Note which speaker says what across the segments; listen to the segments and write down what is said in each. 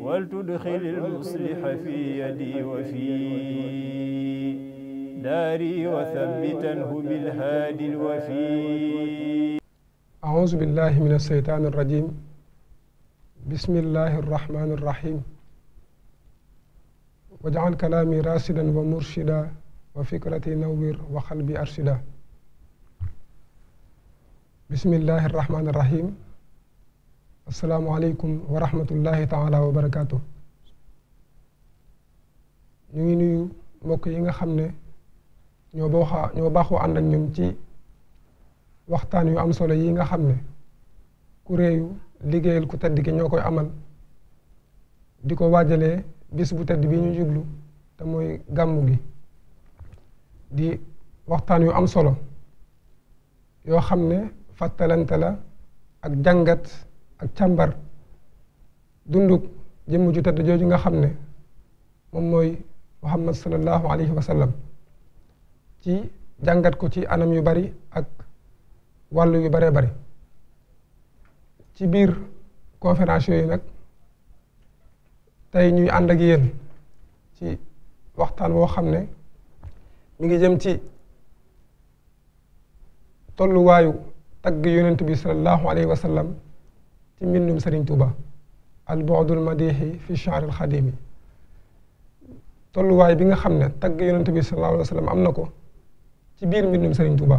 Speaker 1: ولتدخل المصلح في يدي وفي داري وثبتنه بالهادي الوفي
Speaker 2: أعوذ بالله من الشيطان الرجيم بسم الله الرحمن الرحيم واجعل كلامي راشدا ومرشدا وفكرتي نور وقلبي أرشدا بسم الله الرحمن الرحيم asalaamualeykum wa rahmatullahi taala wa ñu ngi nuyu mbokk yi nga xam ne ñoo baaxoo ñoo baaxoo ànd ak ci waxtaan yu am solo yi nga xam ne kuréeyu liggéeyal ku tedd ñoo koy amal di ko waajalee bis bu tedd bi ñu jublu te mooy gàmmu gi di waxtaan yu am solo yoo xam ne fàttalante la ak jàngat ak càmbar dundug jëmm ju tëdd jooju nga xam ne moom mooy muhammad sallallahu alayhi wa sallam ci jàngat ko ci anam yu bari ak wàll yu baree bari ci biir conférence yooyu nag tey ñuy ànd ak yéen ci waxtaan woo xam ne mu ngi jëm ci tolluwaayu tagg yonent bi sallallahu alayhi wasalam ci mbindum Serigne Touba alboodul madiixi fi chaaril xadimi tolluwaay bi nga xam ne tagg yonent bi sallallahu alayhi wa sallam am na ko ci biir mbindum Serigne Touba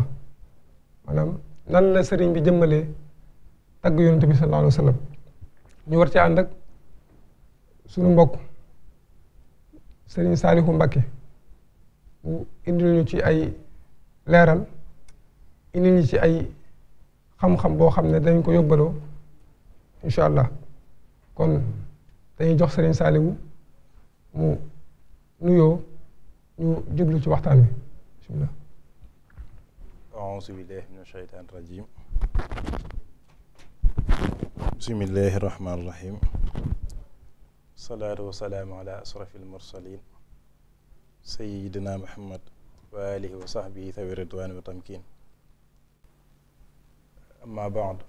Speaker 2: maanaam nan la Serigne bi jëmmalee tagg yonent bi sallallahu alayhi wa sallam ñu war ci ànd ak mbokk Serigne Saalihu Mbakke mu ñu ci ay leeral indil ñu ci ay xam-xam boo xam ne dañ ko yóbbaloo. incha allah kon dañuy jox Serigne Saliou mu nuyoo ñu jublu
Speaker 1: ci waxtaan wi bismillah aouzu billahi min ashaytan rajim bismillahi rahmani rahim salaatu wasalaamu ala asrafi almursalin sayidina muhammad wa alihi wa sahbihi tawi ridwaan wa tamkin amma baad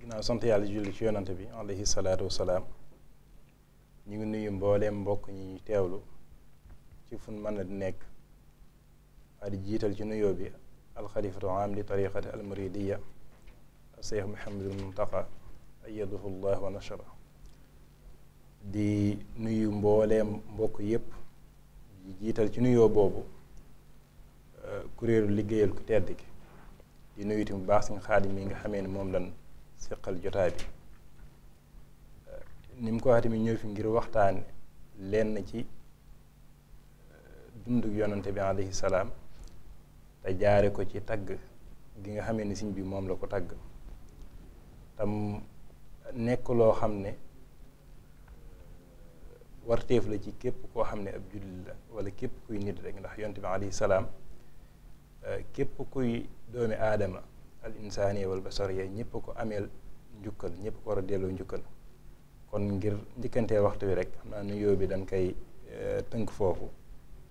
Speaker 1: ginnaaw sant yàlla julli ci yonante bi alayhi salaatu wasalaam ñu ngi nuyu mbooleem mbokk ñi ñu teewlu ci fun mën di nekk adi jiital ci nuyoo bi alxalifatu am di tariqati almuridiya seex muhammadul muntaqa ayadahu llah wa nashara di nuyu mbooleem mbokk yépp di jiital ci nuyoo boobu euh, kuréelu liggéeyal ku tedd ki di nuyu itam bu baax suñ xaadim yi nga xamee ni moom lan siqal jotaay bi nim mu ko ñëw fi ngir waxtaan lenn ci eh, dunduk yonante bi alayhi salaam te jaare ko ci tàgg gi nga xamee ni siñ bi moom la ko tàgg tam nekk loo xam ne eh, warteef la ci képp koo xam ne ab jullit la wala képp kuy nit rek ndax yonante bi alayhi salaam eh, képp kuy doomi aadama al insaani wal basariya ñëpp ko ameel njukkal ñépp ko war a delloo njukkal kon ngir njëkkantee waxtu wi rek xam naa nuyoo bi dañ koy eh, tënk foofu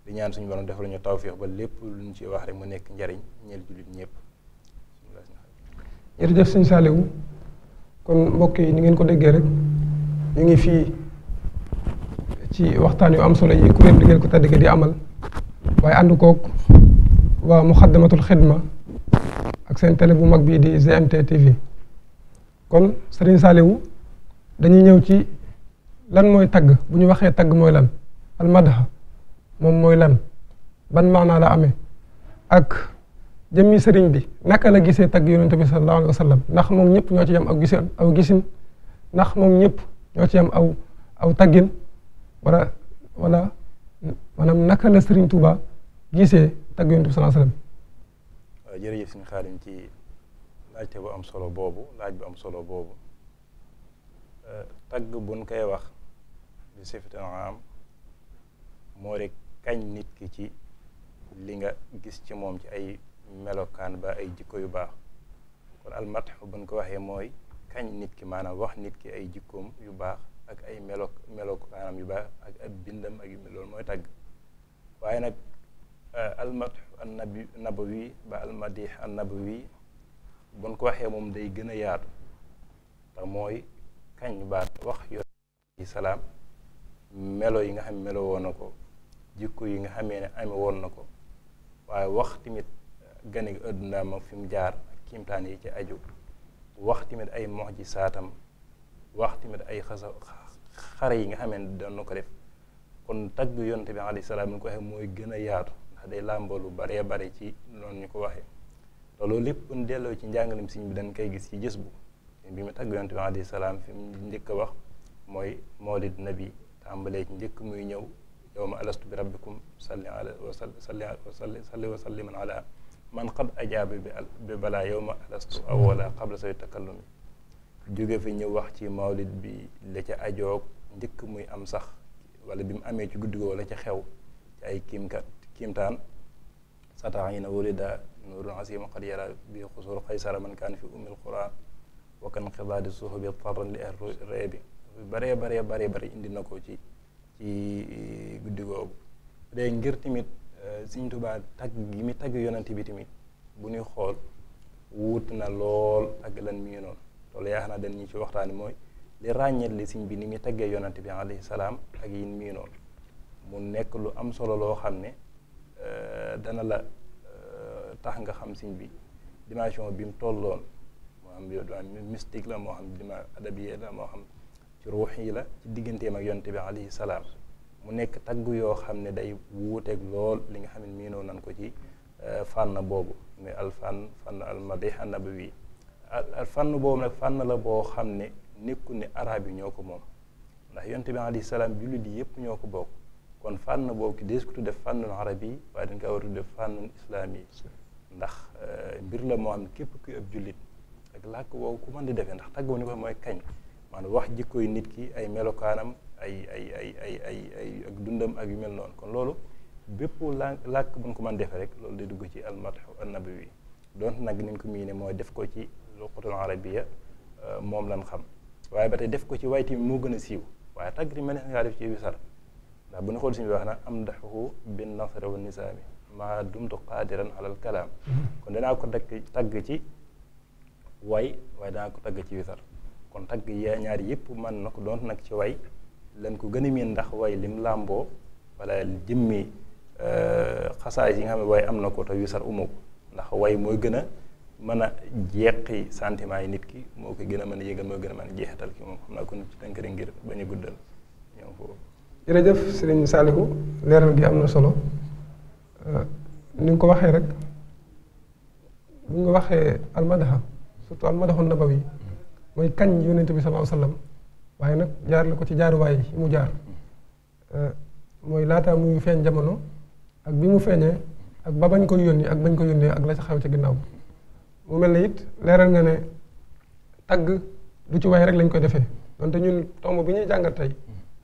Speaker 1: di ñaan suñu borom defal ñu tawfiix ba lépp lu ñu ci wax rek mu nekk njariñ ñeel jullit ñëpp
Speaker 2: jërëjëf sëñ Saliou kon mbokk yi ni ngeen ko déggee rek ñu ngi fii ci waxtaan yu am solo yi kuréel bi ko tàddike di amal waaye ànd koog waa muxaddamatul xidma ak seen télé bu mag bii di GMT TV kon Serigne saaliwu dañuy ñëw ci lan mooy tagg bu ñu waxee tagg mooy lan almadaha moom mooy lan ban maanaa la amee ak jëmmi sëriñ bi naka la gisee tagg yonente bi sallallahu alayhi wa sallam ndax ñëpp ñoo ci yam aw gisin aw gisin ndax moom ñëpp ñoo ci yam aw aw taggin wala wala maanaam naka la sëriñ Touba gisee tagg yonente bi sallallahu alayhi wa sallam
Speaker 1: jërëjëf suñu xaadim ci laajte bu am solo boobu laaj bu am solo boobu tagg buñ koy wax di sifatul am moo rek kañ nit ki ci li nga gis ci moom ci ay melokaan ba ay jikko yu baax kon almatx buñ ko waxee mooy kañ nit ki maanaam wax nit ki ay jikkoom yu baax ak ay melo melokaanam yu baax ak ab bindam ak yu mel mooy tagg waaye nag almatx an nabi nabawi ba al madih an nabawi buñ ko waxee moom day gën a yaatu te mooy kañ baat wax yonent salaam melo yi nga xam melo woon na ko jikko yi nga xamee ne ame woon na ko waaye wax tamit gane gi àdduna ma fi mu jaar ak kiimtaan yi ci aju wax ay mox ji saatam wax tamit ay xasa xare yi nga xamee ne doon na ko def kon tagg yonent bi alayhi salaam ni ko waxee mooy gën a yaatu day làmboo lu baree bare ci noonu ñu ko waxee loolu lépp delloo ci njàngalem siñ bi dañ koy gis ci jës bu bi mu tàgg yonent bi alayhi salaam fi mu njëkk a wax mooy mawlid nabi tàmbalee ci njëkk muy ñëw yow ma alastu bi rabbikum salli ala wasalli salli wa salliman ala man qad ajaaba bi balaa yow ma alastu awwala qabla say takallumi jóge fi ñëw wax ci mawlid bi la ca ajoog njëkk muy am sax wala bi mu amee ci guddi wala ca xew ci ay kiimkat kiimtaan sataayi na wulida nuurun asima qad yara bi xusuur xaysara man kaan fi ummil quran wa kan suuxu bi taran li ree bi baree bare baree bare indi na ko ci ci guddi googu de ngir tamit Sëñ Tuubaa tagg gi mi tagg yonent bi tamit bu nuy xool wuut na lool ak lan mi ngi noonu loolu yaakaar naa dañu ci waxtaan mooy li ràññeet li sëñ bi ni muy taggee yonent bi alayhi salaam ak yin mi mu nekk lu am solo loo xam ne Euh, dana la euh, tax nga xam siñ bi dimension bi mu tolloon moo xam yo mystique la moo xam dima adabiye la moo xam ci ruux yi la ci digganteem ak yonte bi alayhi salaam mu nekk tagg yoo xam ne day wuuteeg lool li nga xam ne miinoo nan ko ci euh, fànn boobu muy al fànn fànn al madih an nabawi al fànn boobu nag fànn la boo xam ne nekku ne arab yi ñoo ko moom ndax yonte bi alayhi salaam jullit yi yépp ñoo ko bokk kon fànn boobu ki dees ko tudde fànnul arabi waaye dañ ko war a tudde fànnul islaami ndax euh, mbir la moo am képp kuy ab jullit ak làkk woowu ku mën di defee ndax tàggu ni ko mooy kañ maanaam wax jikkooy nit ki ay melokaanam ay ay ay ay ay ay ak dundam ak yu mel noonu kon loolu bépp làkk bu ñu ko mën defee rek loolu day dugg ci almatxu annabawi donte nag ni ñu ko miine mooy def ko ci luqatul arabiya euh, moom lan xam waaye ba te def ko ci way tamit moo gën a siiw waaye tàgg ni mënees ngaa def ci wisar ndax bu ñu xool suñu bi wax na am daxu bin nasra wa nisaami maa dumtu qaadiran alal kalaam mm-hmm. kon danaa ko dakk tagg ci way waaye danaa ko tagg ci wisar kon tagg yaa ñaar yëpp man na ko doon nag ci way lan ko gën a miin ndax way lim làmboo wala jëmmi euh, xasaay yi nga xam waaye am na ko te wisar ndax way mooy gën a mën a jeqi sentiment yi nit ki moo ko gën a mën a yëgal gën a mën a jeexital ki moom xam naa kon ci tënk ngir bañ guddal
Speaker 2: jërëjëf sëriñ Saalihu leeral gi am na solo euh, ni nga ko waxee rek bu nga waxee almadaxa surtout almadaxu nabawi mooy kañ yonent bi sallallahu alayhi wasallam waaye nag jaar la ko ci jaaruwaay yi mu jaar euh, mooy laataa muy feeñ jamono ak bi mu feeñee ak ba bañ ko yónni ak bañ ko yónnee ak la ca xew ci ginnaaw mu mel ne it leeral nga ne tagg du ci waaye rek lañ koy defee donte ñun tomb bi ñuy jàngat tey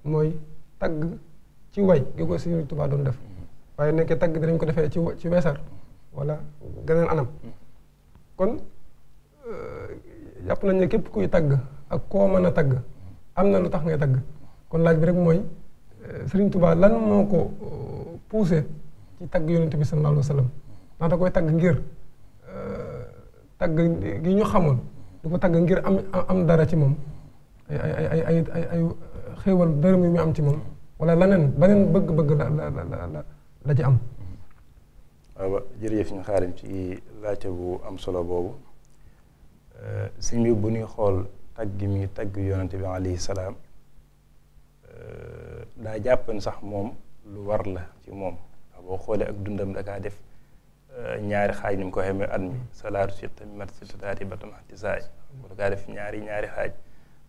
Speaker 2: mooy tagg ci way gi ko Sëriñ Tuubaa doon def waaye nekkee tagg dinañ ko defee ci ci weesar wala geneen anam kon euh, jàpp nañ ne képp kuy tagg ak koo mën a tagg am na lu tax ngay tagg kon laaj bi rek mooy euh, Sëriñ Tuubaa lan moo ko euh, poussé ci tagg yonent bi sallallahu alayhi wa koy tagg ngir tagg gi ñu xamoon du ko tagg ngir am am dara ci moom ay ay ay ay ay xéewal dërëm yu mu am ci moom wala laneen baneen bëgg-bëgg la la la la ci am.
Speaker 1: waaw jërëjëf ñu xaarim ci laajte bu am solo boobu euh, sëñ bi bu ñuy xool tagg mi tagg yonante bi alayhi salaam euh, daa jàppan sax moom lu war la ci moom boo xoolee ak dundam dakaa def euh, ñaari xaaj ni mu ko xamee at mi salaatu si tamit mat si taati ba tam xati saay dakaa def ñaari ñaari xaaj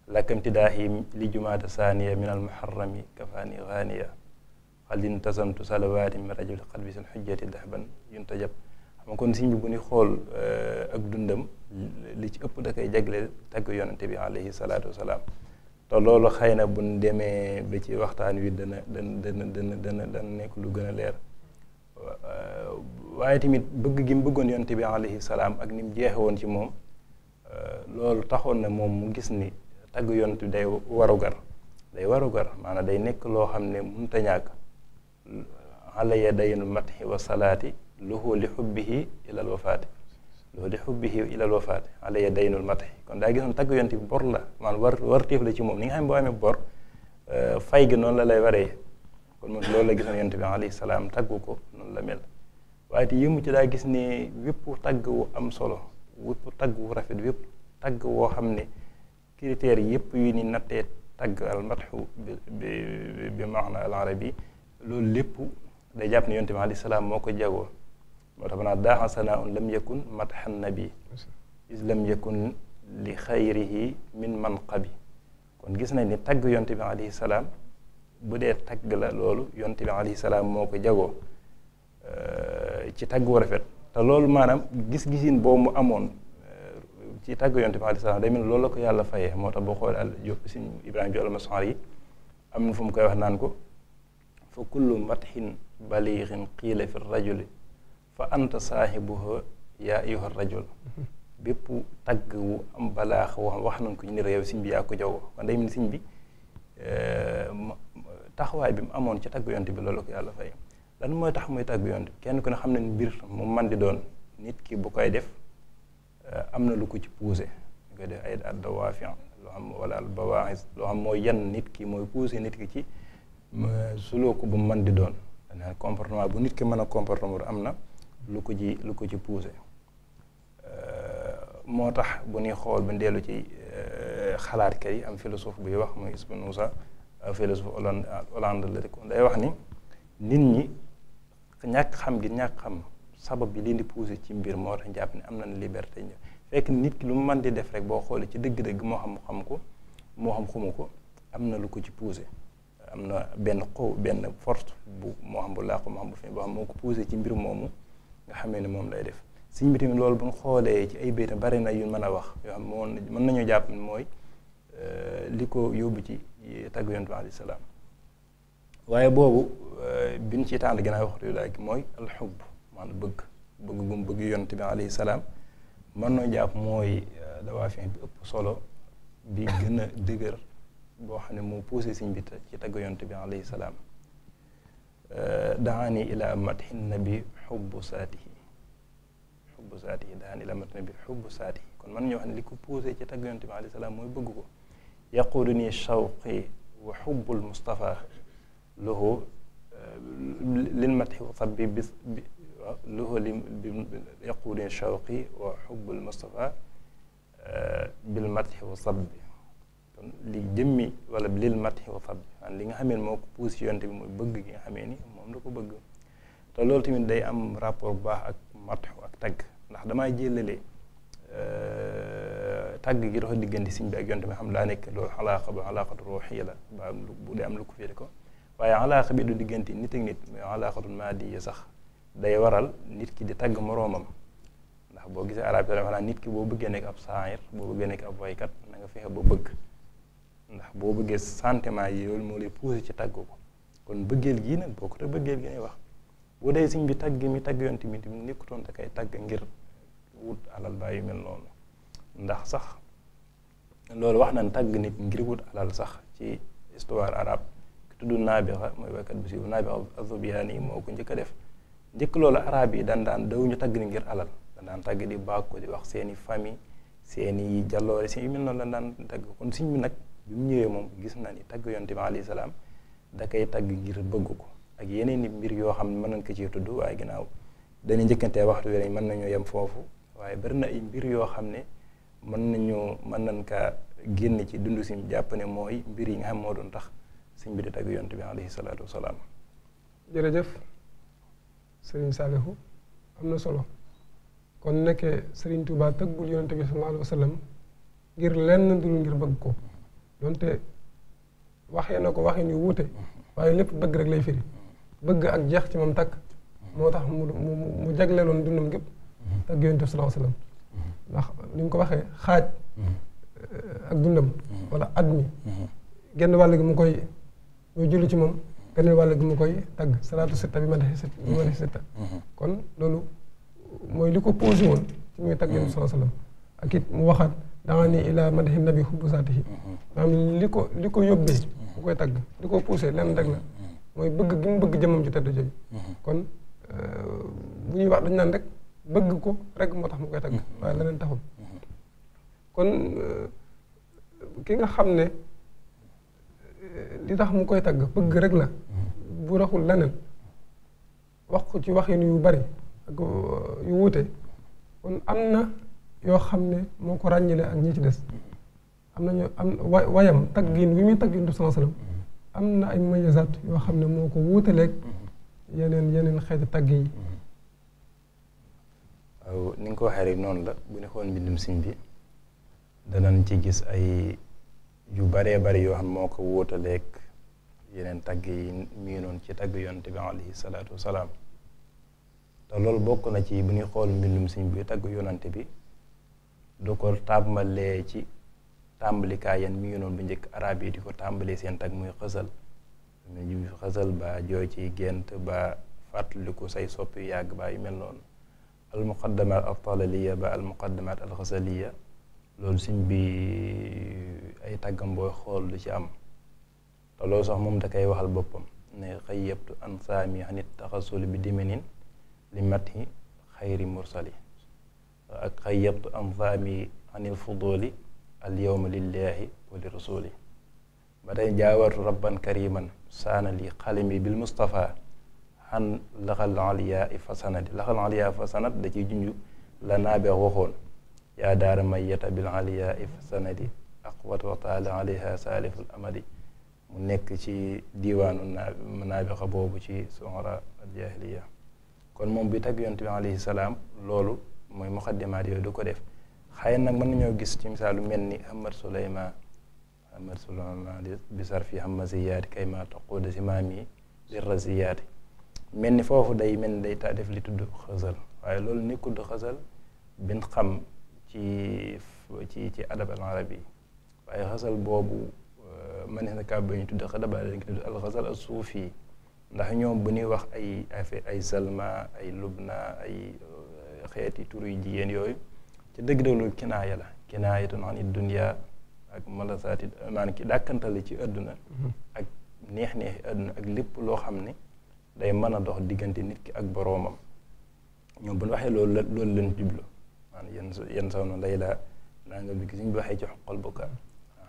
Speaker 1: lakamtidaahi li jumaata saaniya min almuharrami kafaani gaaniya xalin tasamtu salawaati mi rajul xalbi seen xujjati dahban yuntajab xam kon siñ bi bu xool ak dundam li ci ëpp da koy jagleel tagg yonante bi alayhi salaatu wasalaam te loolu xëy na buñ demee ba ci waxtaan wi dana dana dana dana dana dana nekk lu gën a leer waaye tamit bëgg gi mu bëggoon yonante bi alayhi salaam ak ni mu jeexe woon ci moom loolu taxoon na moom mu gis ni tagg yonent bi day warugar day warugar maanaam day nekk loo xam ne munta ñàkk alaya daynu matxi wa salaati luhu li xubbihi ilal wafaati luhu li xubbihi kon daa tagg yonent bi ci moom ni nga xam ne boo amee bor euh, fay gi noonu la lay kon loolu la gisoon yonent bi taggu ko noonu la mel waaye te yëmu gis ne wépp tagg wu am solo wépp tagg wu rafet wépp tagg woo xam ne critères yëpp yu ni nattee tagg al madxu bi bi maana al arabi loolu lépp day jàpp na yonte bi alayhi salaam moo ko jagoo moo tax maanaam daaxa sanaaun lam yakun madxan nabi is lam yakun li xayrihi min manqabi kon gis nañ ni tagg yonte bi alayhi salaam bu dee tagg la loolu yonte bi salaam moo ko jagoo euh, ci tagg wu rafet te loolu maanaam gis-gisin boobu mu amoon ci tàgg yonent bi alayhi salaam day mel loolu ko yàlla fayee moo tax boo xoolee al Jóob si Ibrahima am fu mu koy wax naan ko fa kullu matxin balixin xiila fi rajuli fa anta saahibuha yaa ayyuha rajul bépp tagg wu am balaax wax nañ ko ñu ne réew siñ bi yaa ko jaww kon day mel siñ bi euh, taxawaay bi mu amoon ci tagg yonent bi loolu ko yàlla fay lan mooy tax muy tàgg yonent bi kenn ku ne xam ne mbir mu man di doon nit ki bu koy def Euh, am na lu ko ci poussé ñu koy def ay addawaafian loo xam wala albawaais loo xam mooy yan nit ki mooy poussé nit ki ci sulooku bu mën di doon dana comportement bu nit ki mën a comportement am na lu ko ci lu ko ci poussé euh, moo tax bu ñuy xool ba ndeelu ci euh, xalaat kay am philosophe buy wax muy Spinoza philosophe Hollande Hollande la day wax ni nit ñi ñàkk xam gi ñàkk xam sabab bi leen di poussé ci mbir moo tax jàpp ne am nañ liberté ñëw fekk nit ki lu mu mën di def rek boo xoolee ci dëgg-dëgg moo xam xam ko moo xam xumu ko am na lu ko ci poussé am na benn xaw benn fort bu moo xam bu làqu moo xam bu fi boo xam moo ko poussé ci mbir moomu nga xamee ne moom lay def sëñ bi loolu bu ñu xoolee ci ay baytam bari na yu mën a wax yoo xam moom mën nañoo jàpp mooy euh, li ko yóbbu ci euh, tagg yonent bi alayhi salaam waaye boobu euh, biñ ci tànn gën a wax yu laaj mooy alxubb maanaam bëgg bëgg gum bëgg yonent bi salaam mën noo jàpp mooy euh, dawaafin bi ëpp solo bi gën boo xam ne moo poussé siñ bi ci tagg yonent bi alayhi salaam euh, daani ila matxin nabi xubbu saatihi xubbu saatihi kon man nañoo wax li ko poussé ci tagg yonent bi mooy bëgg ko yaquudu nii shawqi wa xubbul Mustafa lahu euh, lil matxi wa sabbi waaw loxo li yaquudin shawqi wa xubbul mustafa eh, bil matxi wa sabbi kon li jëmmi wala lil matxi wa sabbi maanaam li nga xamee moo ko puus yonte bi mooy bëgg gi nga xamee ni moom la ko bëgg te loolu tamit day am rapport bu baax ak matxu ak tagg ndax damaa jëlale eh, tàgg gi dox diggante siñ bi ak yonte bi xam daa nekk loolu alaaqa ba la ba am lu bu dee ko féete ko waaye alaaqa bi du diggante nit ak nit mais alaaqatul maadiya sax day waral nit ki di tagg moroomam ndax boo gisee arab yi nit ki boo bëggee nekk ab saayir boo bëggee nekk ab waykat na nga fexe ba bëgg ndax boo bëggee sentiment yi loolu moo lay poussé ci tagg ko kon bëggeel gii nag boo ko te bëggeel gi ngay wax boo dee siñ bi tagg mi tagg yonti mi tamit nekkutoon te kay tagg ngir wut alal bàyyi mel noonu ndax sax loolu wax na tagg nit ngir wut alal sax ci histoire arabe ki tudd naabixa mooy waykat bu siiw naabixa azobiyaani moo ko njëkk a def njëkk loolu arab yi daan daan dawuñu tagg ni ngir alal daan daan tagg di bàkku di wax seeni famille seeni jaloore seen yu mel noonu la daan tagg kon siñ bi nag bi mu ñëwee moom gis na ni tagg yonte bi alayhi salaam da koy tagg ngir bëgg ko ak yeneen i mbir yoo xam ne mën nañ ko ciy tudd waaye ginnaaw dañuy njëkkantee waxtu wi mën nañoo yem foofu waaye bari na ay mbir yoo xam ne mën nañu mën nañ ka génn ci dund si jàpp ne mooy mbir yi nga xam moo doon tax sëñ bi di tagg yonte bi alayhi salaatu wasalaam
Speaker 2: sëriñ Saalihu am na solo kon nekkee sëriñ Tuubaa tëggul yonente bi sallallahu alayhi wa sallam ngir lenn dul ngir bëgg ko donte waxee na ko waxin yu wuute waaye lépp bëgg rek lay firi bëgg ak jeex ci moom takk moo tax mu mu mu jagleeloon dundam gépp tagg yonente bi sallallahu alayhi wa sallam ndax ni mu ko waxee xaaj euh, ak dundam wala at mi genn wàll gi mu koy muy julli ci moom beneen wàll gi mu koy tagg salaatu sitta bi ma def sitta bi ma def mm-hmm. kon loolu mooy li ko posé woon ci muy tagg yéen soo salaam ak it mu waxaat dama ni ilaa madaxi nabi xubbu saatihi mm-hmm. maanaam li ko li ko yóbbee mm-hmm. mu koy tagg li ko poussé lenn rek la mooy bëgg gi mu bëgg jëmam ju tedd jooju kon euh, bu ñuy wax dañ naan rek bëgg ko rek moo tax mu koy tagg waaye leneen taxul kon euh, ki nga xam ne li tax mu koy tagg pëgg rek la bu raxul leneen wax ko ci waxin yu bari ak yu wuute kon am na yoo xam ne moo ko ràññile ak ñi ci des am na ñoo am wa wayam taggin wi muy taggin du am na ay majazaat yoo xam ne moo ko wuutaleeg yeneen yeneen xeeti tagg yi
Speaker 1: waaw ni nga ko waxee rek noonu la bu nekkoon mbindum siñ bi danañ ci gis ay yu baree bari yoo xam moo ko wóotaleeg yeneen tagg yi mu miinoon ci tagg yonte bi alayhi salaatu salaam te lool bokk na ci bu ñuy xool mbindum sëñ bi tagg yonante bi du ko tàmbalee ci tàmbalikaay yan miinoon bu njëkk araab yi di ko tàmbalee seen tagg muy xësal muy xësal ba jooy ci gént ba fàttaliku say yu yàgg ba yu mel noonu almuqaddamaat al talaliya ba almuqaddamaat al xësaliya loolu sëñ bi eh, ay tàggam xool du ci am te loolu sax moom da koy waxal boppam ne xayyabtu an saami anit taxasul bi dimenin li mati xayri mursali ak xayyabtu an saami anil fuduli al yowma lillahi wa li rasuli ba tey jaawartu rabban kariman saana li xalimi bil mustafa xan laxal aliyaa i fasanadi laxal aliyaa fasanat da ciy junj la naabee waxoon yaa daara mayyata bil aliya if sanadi aqwat wa taala alayha saaliful amadi mu nekk ci diiwaanu naabixa boobu ci sonra al kon moom bi tagg yonent bi alayhi salaam loolu mooy muqaddimaat yooyu du ko def xëy nag mën nañoo gis ci misaalu mel ni Ahmad Suleyman Ahmad Suleyman bi sarfi hamaziyaati kay ma taquuda si maam yi di mel ni foofu day mel ni day taa def li tudd xësal waaye loolu ni kudd xësal bin xam ci ci ci adab al arabi waaye xasal boobu euh, ne na kaa bañ tudd xadab dañ ko tudd al xasal al suufi ndax ñoom bu ñuy wax ay affaire ay salma ay lubna ay euh, xeeti turu yu jigéen yooyu ci dëgg dëglu kinaaya la kinaayatun ani dunya ak malasaati maanaam ki dàkkantale ci àdduna mm-hmm. ak neex neexi àdduna ak lépp loo xam ne day mën a dox diggante nit ki ak boroomam ñoom bu ñu waxee loolu loolu lañ maanaam yenn yenn saw na lay laa naa nga bi suñ bi waxee ci xoqal bukka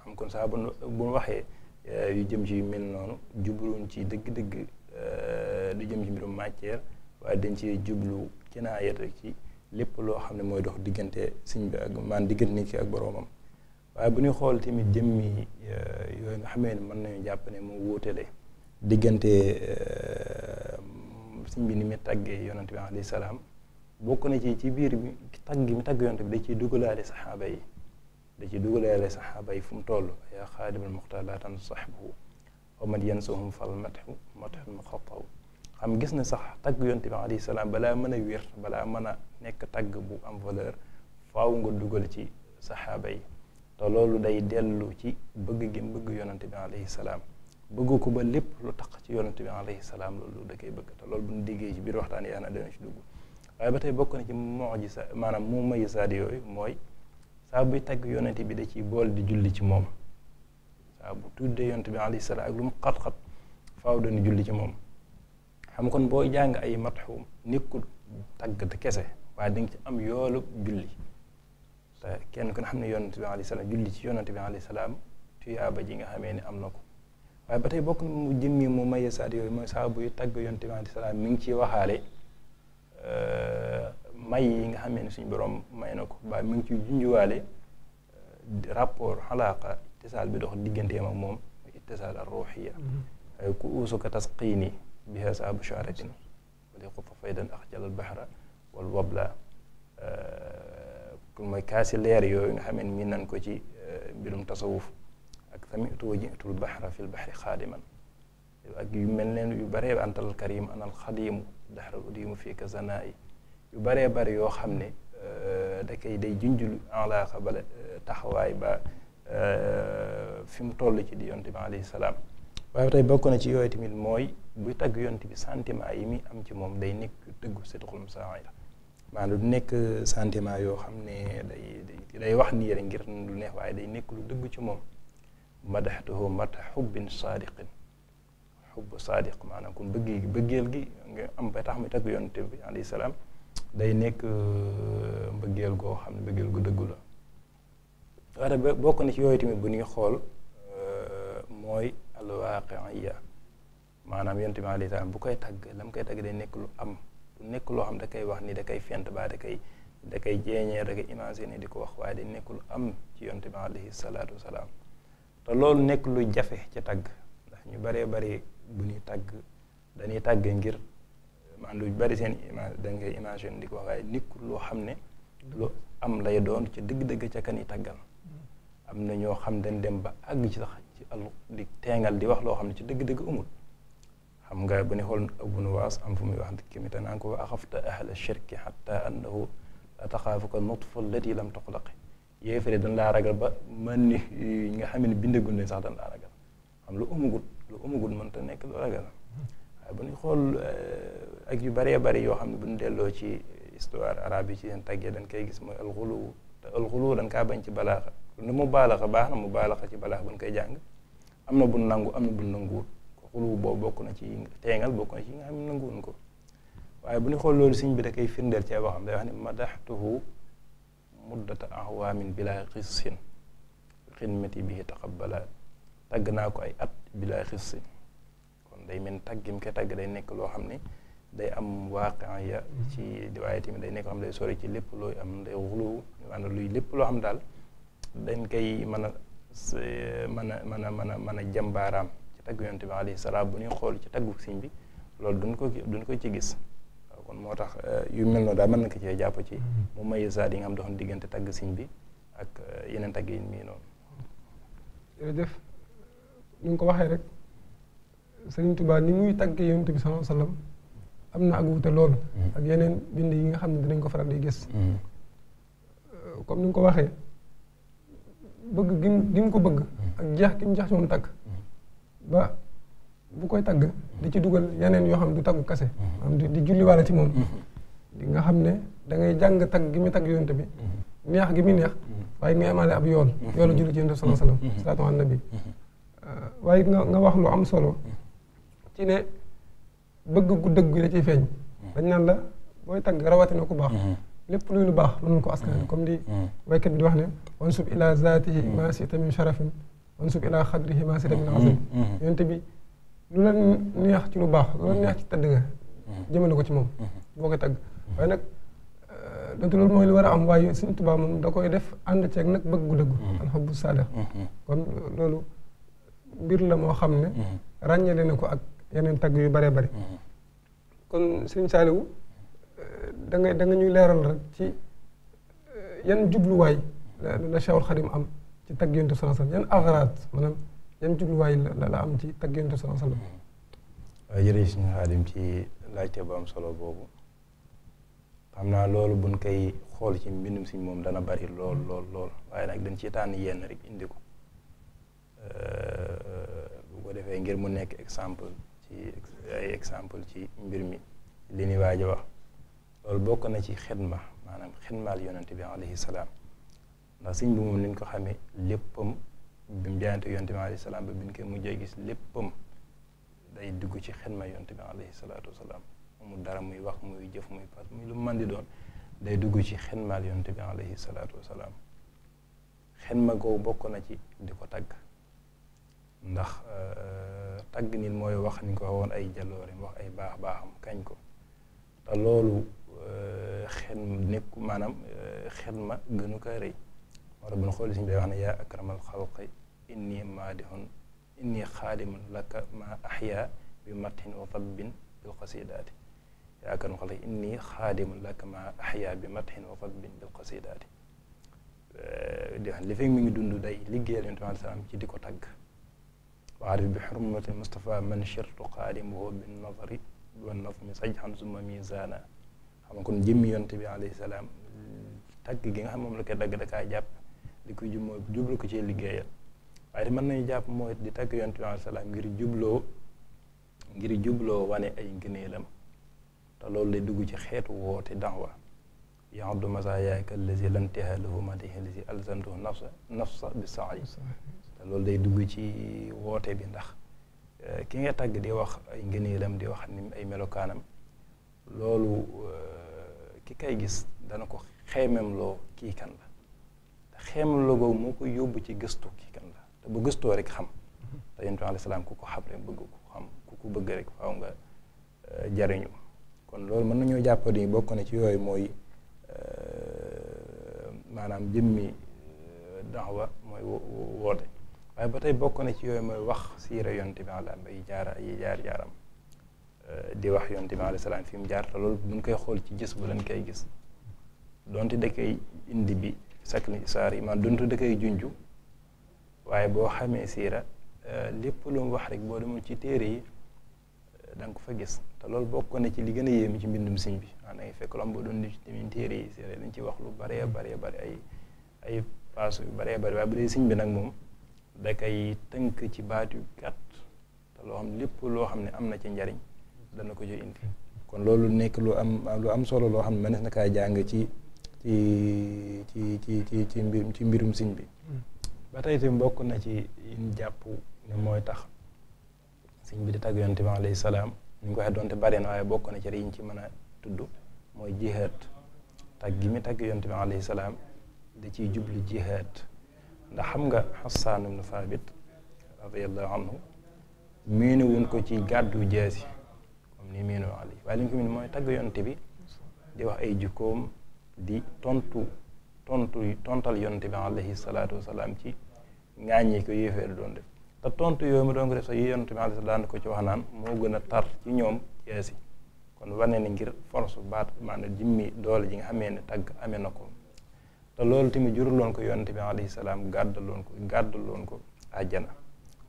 Speaker 1: xam kon sax bu bu waxee eh, yu jëm ci yu mel noonu jubluñ ci dëgg-dëgg eh, lu jëm ci mbirum matière waaye dañ ci jublu kinaayat ci lépp loo xam ne mooy dox diggante sëñ bi ak maan diggante nit ki ak boroomam waaye bu ñuy xool tamit jëmmi eh, yooyu nga xamee ne mën nañu jàpp ne moo wóotale diggante sëñ bi ni muy tàggee yonante bi alayhi salaam bokk na ci ci biir bi tagg mi tagg yonte bi da ciy dugalaale saxaaba yi da ciy dugalaale saxaaba yi fu mu toll yaa xaadimal muxtaar laa bu saxbahu wa man yansahum fal matxu matxu muxataw xam gis na sax tagg yonte bi alayhi salaam balaa mën a wér balaa mën a nekk tagg bu am valeur faw nga dugal ci saxaaba yi te loolu day dellu ci bëgg gi bëgg yonante bi alayhi salaam bëgg ko ba lépp lu tax ci yonante bi alayhi salaam loolu da koy bëgg te loolu bu ñu ci biir waxtaan yaa na dana ci waaye ba tey bokk na ci mojisa maanaam mu may saadi yooyu mooy saa buy tagg yonent bi da ciy bool di julli ci moom saa bu tuddee yonent bi alayhi salaam ak lu mu xat-xat faaw doon julli ci moom xam kon boo jàng ay matxu nekkul tagg kese waaye da nga ci am yoolu julli te kenn ku ne xam ne yonent bi alayhi salaam julli ci yonent bi alayhi salaam tuyaaba ji nga xamee ne am na ko waaye ba tey bokk na mu jëmmi mu mayi saadi yooyu mooy saa buy tagg yonent bi alayhi salaam mi ngi ciy waxaale Euh, may yi nga xamee ne suñu borom may na ko ba mi ngi ciy junjuwaale euh, rapport xalaaqa ittisaal bi dox diggante ak moom muy ittisaal ar ruuxiya mm-hmm. ku ko tasqiini biha saa busharatin wali xufa faydan ax jalal baxra wal wabla euh, mooy kaasi leer yooyu nga xamee ne miin ko ci mbirum tasawuf ak samitu wajitul baxra fil baxri xaadiman ak yu mel neen yu baree antal karim anal xadiimu daxra mu fii ka zanaa'i yu baree bari yoo xam ne euh, da koy day junju junjul alaaxa bala euh, taxawaay ba euh, fi mu toll ci di yonte bi alayhi salaam waaye bokk na ci yooyu tamit mooy buy tagg yonte bi sentiment yi muy am ci moom day nekk dëggu sidqul saa'ir maanaam du nekk sentiment yoo xam ne day day wax nii rek ngir lu neex waaye day nekk lu dëgg ci moom madaxtuhu madax xubbin saadiqin xubbu saadiq maanaam kon bëggee gi bëggeel gi nga am ba tax mi tagg yonent bi alayhi salaam day nekk euh, mbëggeel goo xam ne mbëggeel gu dëggu la waaye bokk na ci yooyu tamit bu ñuy xool euh, mooy ya maanaam yonent bi alayhi salaam bu koy tagg la mu koy tagg day nekk lu am du nekk loo xam wax ni da koy fent baa da koy da koy jeeñee da koy imaginer di ko wax waaye day nekk lu am ci yonent bi alayhi salaatu wasalaam te loolu nekk lu jafe ci tagg ñu baree bari bu ñuy tàgg dañuy tàgg ngir man lu bari seen image da ngay imagine di loo xam ne am lay doon ca dëgg-dëgg ca kan yi tàggal am na ñoo xam dañ dem ba àgg ci sax ci àll di teengal di wax loo xam ne ci dëgg-dëgg amul xam nga bu ne xool Abu Nuwaas am fu muy wax dëkk mi te naan ko wa axafta ahla shirki xatta annahu taxaafuka nutfu allati lam tuxlaqi yéefare dañ laa ragal ba mën ni ñi nga xam ne bindagun lañ sax dañ laa ragal xam lu amagul lu amagul mënta nekk lu ragal waaye bu ñu xool eh, ak yu baree bëri yoo xam ne bu ñu delloo ci histoire araab yi ci seen tàggee dañ koy gis mooy alxulu te alxulu dañ kaa bañ ci balaaxa ni mu baalaxa baax na mu baalaxa ci balaax bu ñu koy jàng am na bu nangu am na bu nanguwul xulu bokk na ci teengal bokk na ci nga xam ne nanguwuñ ko waaye bu nu xool loolu siñ bi da koy firndeel ci waxam day wax ne madaxtuhu muddata ahwaamin bila xissin xidmati bihi balaa tàgg naa ko ay at bilaa xis kon day mel ni tàggim ko tagg day nekk loo xam ne day am waaqan ya ci waaye tamit day nekk loo xam day sori ci lépp looy am day xulu maanaam luy lépp loo xam daal dañ koy mën a mën a mën a mën a mën a jàmbaaraam ci tagg yonent bi alayhi bu ñuy xool ci taggu siñ bi loolu duñ ko duñ ko ci gis kon moo tax euh, yu mel noonu daal mën na ko cee jàpp ci mu maye zaat yi nga xam doxoon diggante tagg siñ bi ak euh, yeneen tagg yi mii
Speaker 2: noonu ni nga ko waxee rek Sëriñ Tuubaa ni muy tàgg yonent bi sallallahu alayhi am na ak wuute lool. Mm-hmm. ak yeneen bind yi nga xam ne danañ ko faral di gis. Mm-hmm. Euh, comme ni nga ko waxee bëgg gi mu ko bëgg. Mm-hmm. ak jeex gi mu jeex ci woon tàgg. ba bu koy tagg di ci dugal yeneen yoo xam ne du tàggu kase. am di julliwaale ci moom. di nga xam ne da ngay jàng tàgg gi mu tàgg yonent bi. neex gi muy neex. waaye ngay amaale ab yoon. yoonu julli ci yonent bi sallallahu alayhi wa Euh, waaye nga nga wax lu am solo ci ne bëgg gu dëgg la ciy feeñ dañ naan la booy tagg rawatina ku baax mm-hmm. lépp luy lu baax mën ko askan mm-hmm. comme di mm-hmm. waykat bi di wax ne wansub ila zaatihi ma sita min sharafin wansub ila xadrihi ma sita min azim yonte bi lu la neex ci lu baax lu la neex ci ko ci moom boo ko tagg waaye nag euh, donc loolu mooy lu war a am waaye Sëriñ Tuubaa moom da koy def ànd ceeg nag bëgg gu dëgg alxabu saada kon loolu mbir la moo xam ne mhm. ràññale na ko ak yeneen tagg yu bare bari mhm. kon sëñ Saliou danga danga ñuy leeral rek ci eh, yan jubluwaay la Cheikhul Khadim am ci tagg Yonent bi sallallahu alayhi wasallam yan agaraat maanaam yan la am ci tagg Yonent bi sallallahu
Speaker 1: mhm. ci laajte bu am solo boobu xam naa loolu buñ kay xool ci mbindum siñ moom dana bari lool lool lool waaye nag dañ ci tànn yenn rek indi ko bu ko defee ngir mu nekk exemple ci exemple ci mbir mi li ñuy waaj a wax loolu bokk na ci xet ma maanaam xidmaal yonante bi alayhi salaam ndax sëñ bi moom niñ ko xamee léppam bi mu jaayante yonante bi alayhi salaam ba bi ñu koy mujjee gis day dugg ci xidma yonante bi alayhi salaatu wasalaam mu dara muy wax muy jëf muy pas muy lu man di doon day dugg ci xidmaal yonante bi alayhi salaatu wasalaam xidma googu bokk na ci di ko tagg ndax euh, tagg nit mooy wax ni ko woon ay jaloorim wax ay baax baaxam kañ ko te loolu euh, xen nekku maanaam euh, xen ma gënu ko rëy war bu ñu xool si ñu wax ne yaa akramal inni maadihun laka ma axyaa bi matxin wa tabbin bil qasidaati yaa akramal xalqi bi matxin wa tabbin qasidaati di ngi dund day liggéeyal Yonent bi salaam ci di ko tagg waarif bi xurmati Mustapha man shirtu xaadim woo bin nazari wan nazmi sajxan summa misaana xam kon jëmmi yonte bi alayhi salaam takk gi nga xam moom la koy dagg daka jàpp di ko jublu ko ci liggéeyal waaye mën nañu jàpp mooy di tagg yonte bi alayhi salaam ngir jubloo ngir jubloo wane ay ngëneelam te loolu lay dugg ci xeetu woote daawa yaxdu masaayaaka allazi lan teha lahu madihi allazi alzamtuhu nafsa nafsa bi saayi loolu day dugg ci woote bi ndax euh, ki nga tàgg di wax ay ngëneelam di wax ni ay melokaanam loolu euh, ki kay gis dana ko xeemem loo kii kan la te xeemem loo googu ko yóbbu ci gëstu kii kan la te bu gëstoo rek xam te yonent bi alayhi ku ko xam rek bëgg ku xam ku ko bëgg rek faaw nga euh, jariñu kon loolu mën nañoo jàpp ni bokk na ci yooyu mooy maanaam jëmmi daawa mooy woote waaye ba tey bokk na ci yooyu may wax siira yonte bi ala ay jaara ay jaar jaaram euh, di wax yonte bi alayhi fi mu jaar te loolu buñ koy xool ci gis bu dañ koy gis donte da koy indi bi yi man donte da koy junju waaye boo xamee siira euh, lépp lu wax rek boo demul ci téere yi euh, da fa gis te loolu bokk na ci li gën a yéem ci mbindum siñ bi maanaam da fekk lom boo doon di ci téere yi siira dañ ci wax lu baree bare bari ay ay paas yu baree bari waaye bu dee siñ bi nag moom da kay tënk ci baat yu gàtt te loo xam lépp loo xam ne am na ci njariñ dana ko ci indi kon loolu nekk lu am lu am solo loo xam ne mënees na kaa jàng ci ci ci ci ci ci mbir ci mbirum siñ bi ba tey itam bokk na ci yin jàpp ne mooy tax siñ bi di tàgg yonte bi alayhi salaam ñu ko doonte bari na waaye bokk na ci yiñ ci mën a tudd mooy jihaad tag gi mi tàgg yonte bi alayhi salaam da ciy jublu jihaad ndax xam nga xasaan ibnu thabit radiallahu anhu miinu wuñ ko ci gàddu jaasi comme ni miinu ali waaye li ñu ko miin mooy tagg yonte bi di wax ay jikkoom di tontu tontu tontal yonte bi alayhi salaatu wasalaam ci ŋaaññi ko yéefeer doon def te tontu yooyu mu doon ko def sax yi yonte bi alayhi salaam ko ci wax naan moo gën a tar ci ñoom jaasi kon wane ne ngir force baat maanaam jimmi doole ji nga xamee ne tagg amee na ko te loolu tamit juraloon ko yonent salaam gàddaloon ko gàddaloon ko àjjana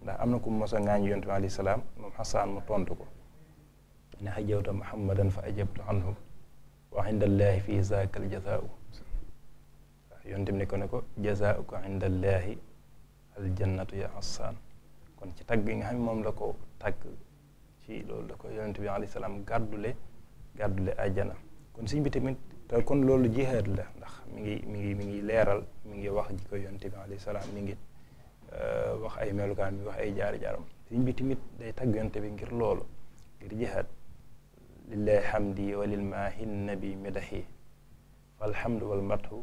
Speaker 1: ndax am na ku mos a ŋaañ bi alayhi salaam moom xasaan mu tontu ko ne xajawta muhammadan fa ajabtu anhu wa indallahi bi ne ko ne ko jazaauka indallahi aljannatu ya xasaan kon ci tagg yi nga xam ne moom la ko takk ci loolu la ko yonent bi alayhi salaam gàddule gàddule àjjana kon sëñ bi tamit te kon loolu jihaad la ndax mi ngi mi ngi mi ngi leeral mi ngi wax jikko yonent bi alayhi salaam mi ngi euh, wax ay melukaan mi wax ay jaar-jaaram sëñ bi tamit day tagg bi ngir loolu ngir jihaad lillahi hamdi wa lilmaahi nabi midahi falhamdu walmathu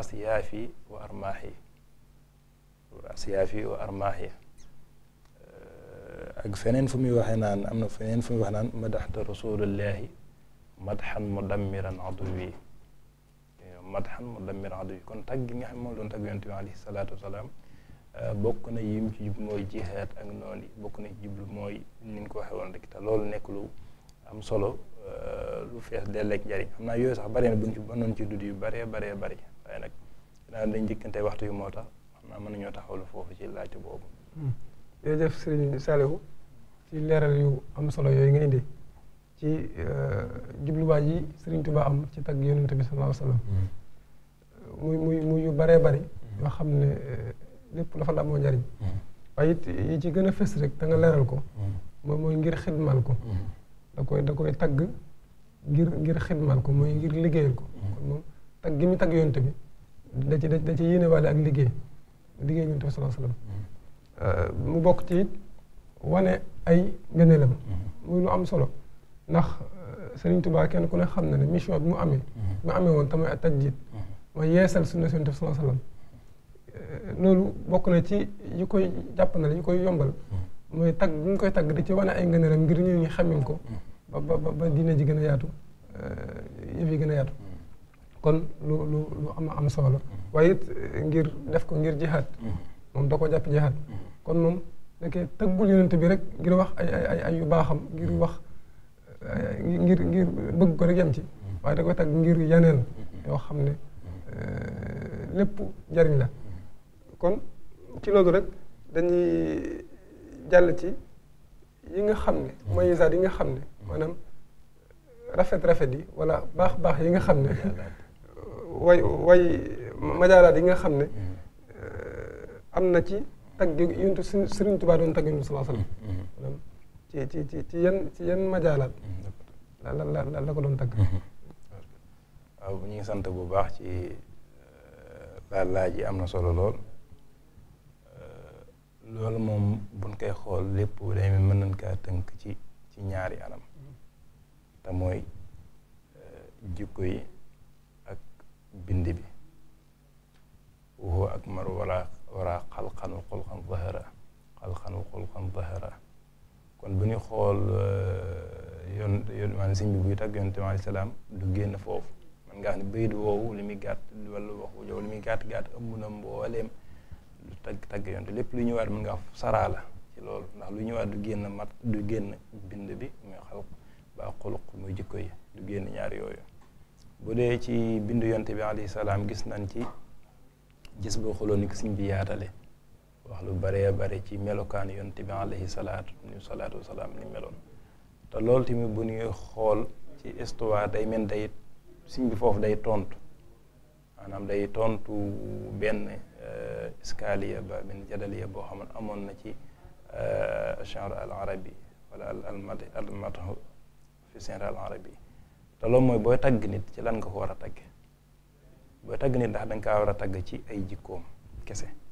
Speaker 1: asiyaafi wa armaahi asiyaafi wa armaahi euh, ak feneen fu muy waxe naan am na feneen fu muy wax naan madaxta rasulillahi madhan mudammiran aduwi madhan mudammiran aduwi kon tagg gi nga xam moom doon tagg yonent bi alayhi salaatu wasalaam euh, bokk na yim ci jublu mooy jihaad ak noon yi bokk na ci jublu mooy ko waxee woon rek te nekk lu am solo euh, lu fees delleek njariñ xam naa yooyu sax bare na bu ñu ci mënoon yu bare bare bare waaye nag dinaa dañ njëkkante waxtu yu moo tax xam naa mën nañoo taxawlu foofu ci laajte boobu
Speaker 2: hmm. jërëjëf Sëriñ Saliou ci leeral yu am solo yooyu nga indi ci euh, jubluwaay yi Serigne Touba am ci tagg yonent bi sallallahu alayhi wasallam mm. muy muy muy yu baree bari mm. yoo xam ne euh, lépp dafa la moo njariñ mm. waaye it yi ci gën a fës rek da nga leeral ko moom mooy ngir xidmal ko da koy da koy tagg ngir ngir xidmal ko mooy ngir liggéeyal ko kon moom tagg gi muy tagg yonent bi da ci da ci yéenewaale ak liggéey liggéey yonent bi sallallahu alayhi wasallam euh, mu bokk ci wane ay ngëneelam muy lu am solo ndax eh, Serigne tubaa kenn ku ne xam na ne mission bi mu amee. Mhm. mu amee woon tamit ak tajjit. mooy mhm. yeesal sunna Yonent bi sallallahu alayhi wasallam eh, loolu bokk na ci yu koy jàpp na yu koy yombal. Mhm. mooy tag bu ñu koy tagg di ci wane ay ngëneelam ngir ñu ñu xamee ko. ba ba ba diine gën a yaatu eh, yëf gën a yaatu. kon lu am am solo ngir def ko ngir jihaad. moom da ko jàpp jihaad. kon moom da koy tëggul yonent bi rek ngir wax ay ay ay yu baaxam ngir wax. ngir ngir bëgg ko rek yem ci waaye da koy tagg ngir yeneen yoo xam ne euh, lépp njariñ la kon ci loolu rek dañuy jàll ci yi nga xam ne mooy isaat yi nga xam ne maanaam rafet rafet yi wala baax baax yi nga xam ne way way majaalaat yi nga xam ne euh, am na ci tagg yuntu Sëriñ Tuubaa doon tagg yuntu sallallahu alayhi wa sallam ci ci ci yan majaalaat la la la la ko doon tagg
Speaker 1: waaw ñu sant bu baax ci euh, laaj yi am na solo lool euh, loolu moom buñ koy xool lépp day mën nañ kaa tënk ci ci ñaari anam te mooy euh, jikko yi ak bind bi waxoo ak mar waraa waraa xalxan wa xulxan zahara xalxan wa xulxan zahara kon bu ñu xool euh, yoon yoon maanaam sëñ bi buy tàgg yonent alayhi salaam du génn foofu man ngaa xam ne bayit woowu li muy gàtt wala waxu jow li muy gàtt gàtt ëmb na mbooleem lu tagg tagg yonent lépp lu ñëwaat mën nga wax saraa la ci loolu ndax lu ñëwaat du génn mat du génn bind bi muy xalq baa xuluq muy jikko yi du génn ñaar yooyu bu dee ci bindu yonent bi alayhi salaam gis nañ ci gis boo xoloon ni ko bi yaatale wax lu bëree bëri ci melokaan yonent bi alayhi salaatu salaatu wasalaam ni meloon te loolu tamit bu ñuy xool ci histoire day mel day siñ bi foofu day tontu maanaam day tontu benn iskaaliya euh, ba benn jadaliya boo xam amoon na ci genre euh, al arabi wala al matahu fi genre al arabi te lool mooy booy tagg nit ci lan nga ko war a tagg booy tagg nit ndax danga kaa war a tagg ci ay jikkoom kese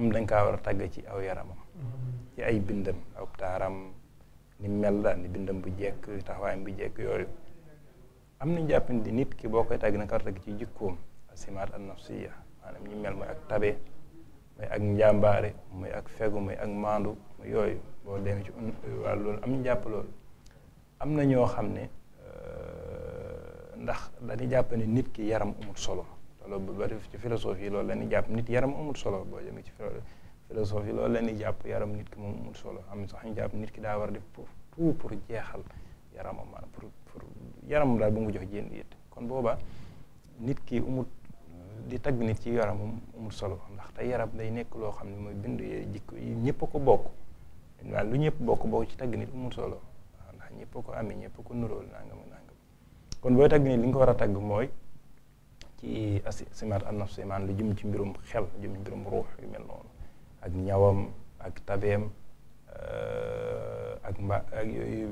Speaker 1: am dañ kaa war a tàgg ci aw yaramam ci ay bindam aw taaram ni mel daal ni bindam bu jekk taxawaayam bu jekk yooyu am nañu jàpp nit ki boo koy tàgg na ka war a tàgg ci jikkoom asimaat an nafsiya maanaam ñu mel mooy ak tabe mooy ak njàmbaare mooy ak fegu mooy ak maandu mooy yooyu boo demee ci wàllu loolu am ñu jàpp loolu am na ñoo xam ne euh, ndax dañuy jàpp ne nit ki yaram amul solo solo bu bari ci yi loolu la ñuy jàpp nit yaram amul solo boo jëmee ci philosophie loolu la ñuy jàpp yaram nit ki moom amul solo am sax ñu jàpp nit ki daa war de def tout pour jeexal yaramam maanaam pour pour daal bu mu jox jénn it kon booba nit ki amul di tagg nit ci yaram amul solo ndax te yaram day nekk loo xam ne mooy bind jikko yi ñëpp ko bokk waaw lu ñëpp bokk boo ci tagg nit amul solo ndax ñëpp a ko amee ñëpp a ko naa nangam nangam kon booy tagg nit li nga ko war a tagg mooy ci simaat an nafs imaan lu jëm ci mbirum xel jëm ci yu mel noonu ak ñawam ak tabeem euh, ak mba ak yooyu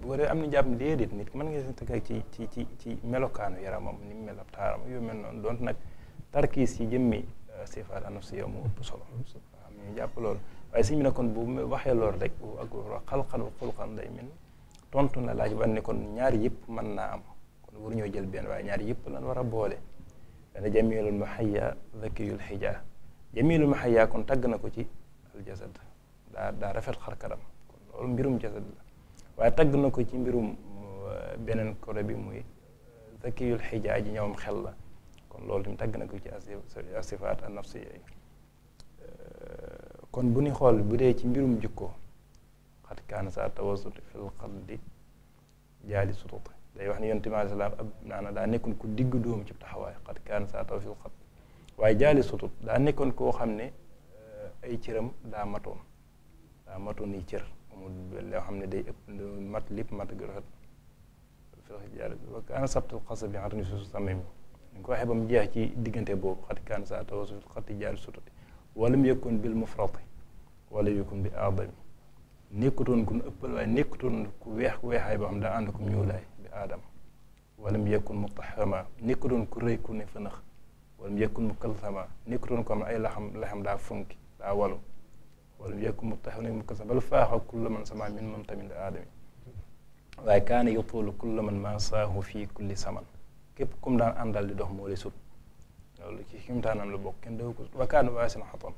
Speaker 1: bu am na jàpp ne déedéet nit nga tëkk ci ci ci ci melokaanu yaramam ni mu mel ab taaram yu mel noonu donte nag tarkiis ci jëmmi euh, sifaat an nafs yow moo ëpp solo am ñu jàpp loolu waaye sëñ bi nag kon bu waxee loolu rek bu ak xalxan wa tontu na laaj ban ne kon ñaar yëpp mën naa am war ñoo jël benn waaye ñaar yëpp lan war a boole dana jamilul mahaya zakiyul xija jamilul mahaya kon tagg na ko ci aljasad daa rafet xarkanam kon loolu mbirum jasad la waaye tagg na ko ci mbirum uh, beneen côté bi muy uh, zakiyul xija ji ñëwam xel la kon loolu tamit tagg na ko ci asifaat an nafsi yi uh, kon bu ni xool bu dee ci mbirum jikko xat kaan sa tawasut fil qalbi jaali sutut day wax ni yonent bi aleyhi salaam ab naana daa nekkoon ku digg doom ci taxawaay xat kaan saa taw fil xat waaye jaali sutut daa nekkoon koo xam ne euh, ay cëram daa matoon daa matoon yi cër mu loo xam ne day ëpp mat lépp mat gi rafet wa kaana sabtul xasa bi xatani susu samim dañ ko waxee jeex ci diggante boobu xat kaan saa taw fil xat jaali sutut wala mu bi bil mufrati wala yëkkoon bi aadami nekkutoon ku ëppal waaye nekkutoon ku weex ku weexaay boo am daa ànd ko ñuulaay aadama walam yakun mutahama nekkutoon ku rëy ku ne fa nax walam yakun ko am ay laxam laxam daa funki daa walu nekk mukalsama bal faaxa kulla man sama min moom tamit aadami waaye kaane yutulu kulla man maa saahu fii kulli saman képp kum daan àndal di dox moo lay sut loolu ci ximtaanam la bokk kenn daw ko wa kaane waasin xatam